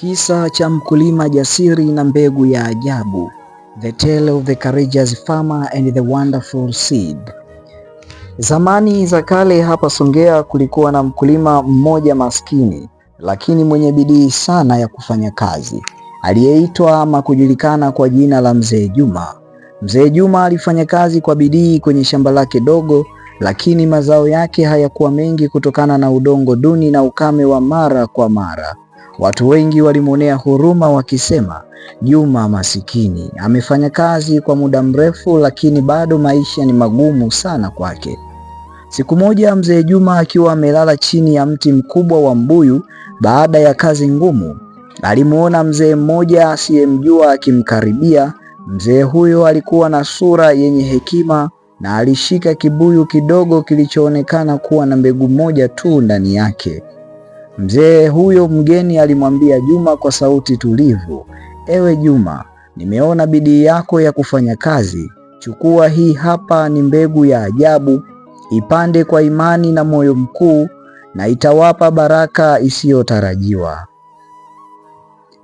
Kisa cha mkulima jasiri na mbegu ya ajabu. The Tale of the Courageous Farmer and the Wonderful Seed. Zamani za kale hapa Songea kulikuwa na mkulima mmoja maskini lakini mwenye bidii sana ya kufanya kazi aliyeitwa ama kujulikana kwa jina la Mzee Juma. Mzee Juma alifanya kazi kwa bidii kwenye shamba lake dogo, lakini mazao yake hayakuwa mengi kutokana na udongo duni na ukame wa mara kwa mara. Watu wengi walimwonea huruma wakisema, Juma masikini amefanya kazi kwa muda mrefu, lakini bado maisha ni magumu sana kwake. Siku moja mzee Juma akiwa amelala chini ya mti mkubwa wa mbuyu baada ya kazi ngumu, alimwona mzee mmoja asiyemjua akimkaribia. Mzee huyo alikuwa na sura yenye hekima na alishika kibuyu kidogo kilichoonekana kuwa na mbegu moja tu ndani yake. Mzee huyo mgeni alimwambia Juma kwa sauti tulivu, ewe Juma, nimeona bidii yako ya kufanya kazi. Chukua hii hapa, ni mbegu ya ajabu, ipande kwa imani na moyo mkuu, na itawapa baraka isiyotarajiwa.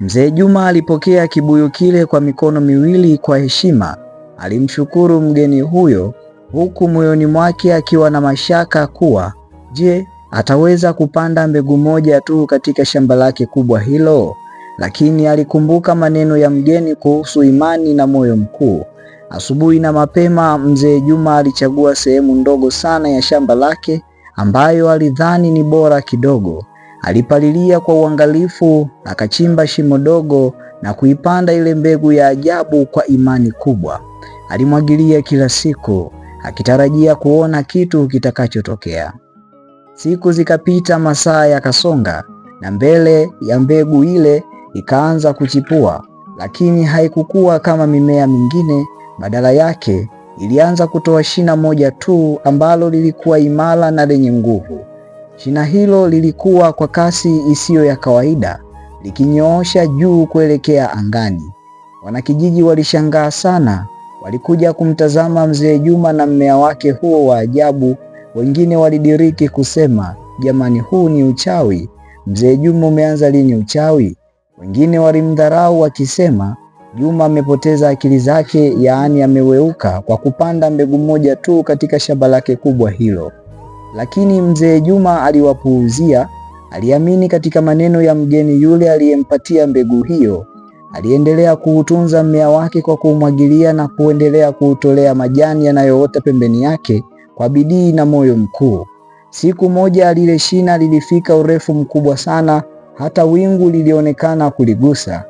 Mzee Juma alipokea kibuyu kile kwa mikono miwili kwa heshima. Alimshukuru mgeni huyo huku moyoni mwake akiwa na mashaka kuwa je, ataweza kupanda mbegu moja tu katika shamba lake kubwa hilo? Lakini alikumbuka maneno ya mgeni kuhusu imani na moyo mkuu. Asubuhi na mapema, mzee Juma alichagua sehemu ndogo sana ya shamba lake ambayo alidhani ni bora kidogo. Alipalilia kwa uangalifu, akachimba shimo dogo na kuipanda ile mbegu ya ajabu kwa imani kubwa. Alimwagilia kila siku, akitarajia kuona kitu kitakachotokea. Siku zikapita, masaa yakasonga, na mbele ya mbegu ile ikaanza kuchipua, lakini haikukua kama mimea mingine. Badala yake ilianza kutoa shina moja tu ambalo lilikuwa imara na lenye nguvu. Shina hilo lilikuwa kwa kasi isiyo ya kawaida likinyoosha juu kuelekea angani. Wanakijiji walishangaa sana, walikuja kumtazama mzee Juma na mmea wake huo wa ajabu wengine walidiriki kusema, jamani, huu ni uchawi, mzee Juma umeanza lini uchawi? Wengine walimdharau wakisema, Juma amepoteza akili zake, yaani ameweuka kwa kupanda mbegu moja tu katika shamba lake kubwa hilo. Lakini mzee Juma aliwapuuzia, aliamini katika maneno ya mgeni yule aliyempatia mbegu hiyo. Aliendelea kuutunza mmea wake kwa kuumwagilia na kuendelea kuutolea majani yanayoota pembeni yake kwa bidii na moyo mkuu. Siku moja lile shina lilifika urefu mkubwa sana, hata wingu lilionekana kuligusa.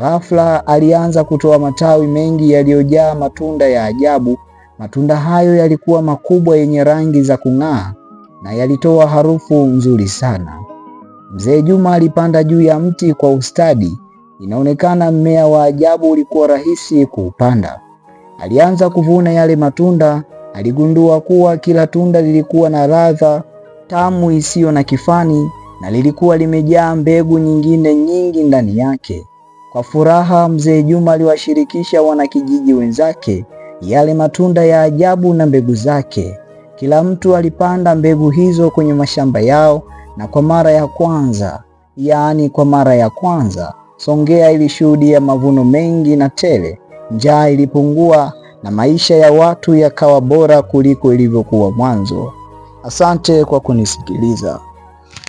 Ghafla alianza kutoa matawi mengi yaliyojaa matunda ya ajabu. Matunda hayo yalikuwa makubwa, yenye rangi za kung'aa na yalitoa harufu nzuri sana. Mzee Juma alipanda juu ya mti kwa ustadi. Inaonekana mmea wa ajabu ulikuwa rahisi kuupanda. Alianza kuvuna yale matunda Aligundua kuwa kila tunda lilikuwa na ladha tamu isiyo na kifani na lilikuwa limejaa mbegu nyingine nyingi ndani yake. Kwa furaha, mzee Juma aliwashirikisha wanakijiji wenzake yale matunda ya ajabu na mbegu zake. Kila mtu alipanda mbegu hizo kwenye mashamba yao, na kwa mara ya kwanza, yaani kwa mara ya kwanza, Songea ilishuhudia mavuno mengi na tele. Njaa ilipungua na maisha ya watu yakawa bora kuliko ilivyokuwa mwanzo. Asante kwa kunisikiliza.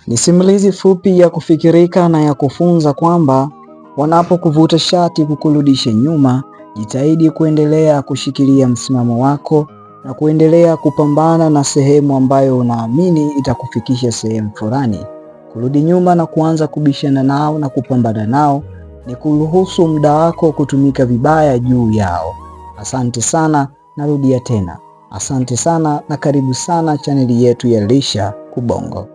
Ni simulizi fupi ya kufikirika na ya kufunza kwamba wanapokuvuta shati kukurudisha nyuma, jitahidi kuendelea kushikilia msimamo wako na kuendelea kupambana na sehemu ambayo unaamini itakufikisha sehemu fulani. Kurudi nyuma na kuanza kubishana nao na kupambana nao ni kuruhusu muda wako kutumika vibaya juu yao. Asante sana, narudia tena asante sana na karibu sana chaneli yetu ya Lisha Ubongo.